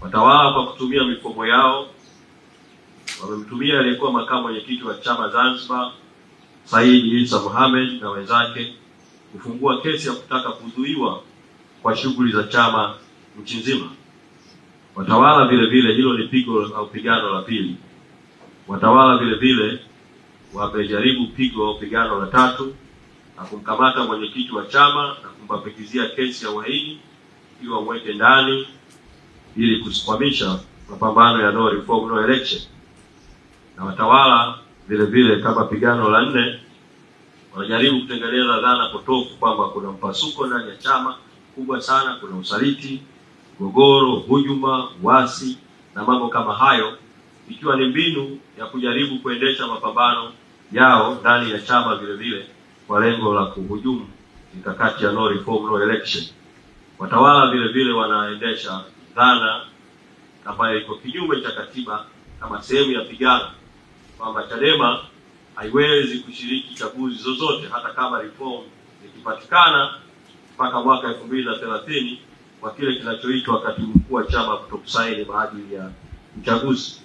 Watawala kwa kutumia mifumo yao wamemtumia aliyekuwa makamu mwenyekiti wa chama Zanzibar Said Isa Mohamed na wenzake kufungua kesi ya kutaka kuzuiwa kwa shughuli za chama nchi nzima. Watawala vile vile, hilo ni pigo au pigano la pili. Watawala vile vile wamejaribu pigo au pigano la tatu na kumkamata mwenyekiti wa chama na kumbapikizia kesi ya uhaini ili wamweke ndani ili kusimamisha mapambano ya no reform no election, na watawala vile vile kama pigano la nne wanajaribu kutengeneza dhana potofu kwamba kuna mpasuko ndani ya chama kubwa sana, kuna usaliti, mgogoro, hujuma, uasi na mambo kama hayo, ikiwa ni mbinu ya kujaribu kuendesha mapambano yao ndani ya chama vile vile kwa lengo la kuhujumu mikakati ya no reform no election. Watawala vile vile wanaendesha dhana ambayo iko kinyume cha katiba kama sehemu ya pigano kwamba Chadema haiwezi kushiriki chaguzi zozote hata kama reform ikipatikana mpaka mwaka elfu mbili na thelathini kwa kile kinachoitwa katibu mkuu wa chama kutokusaini maadili ya uchaguzi.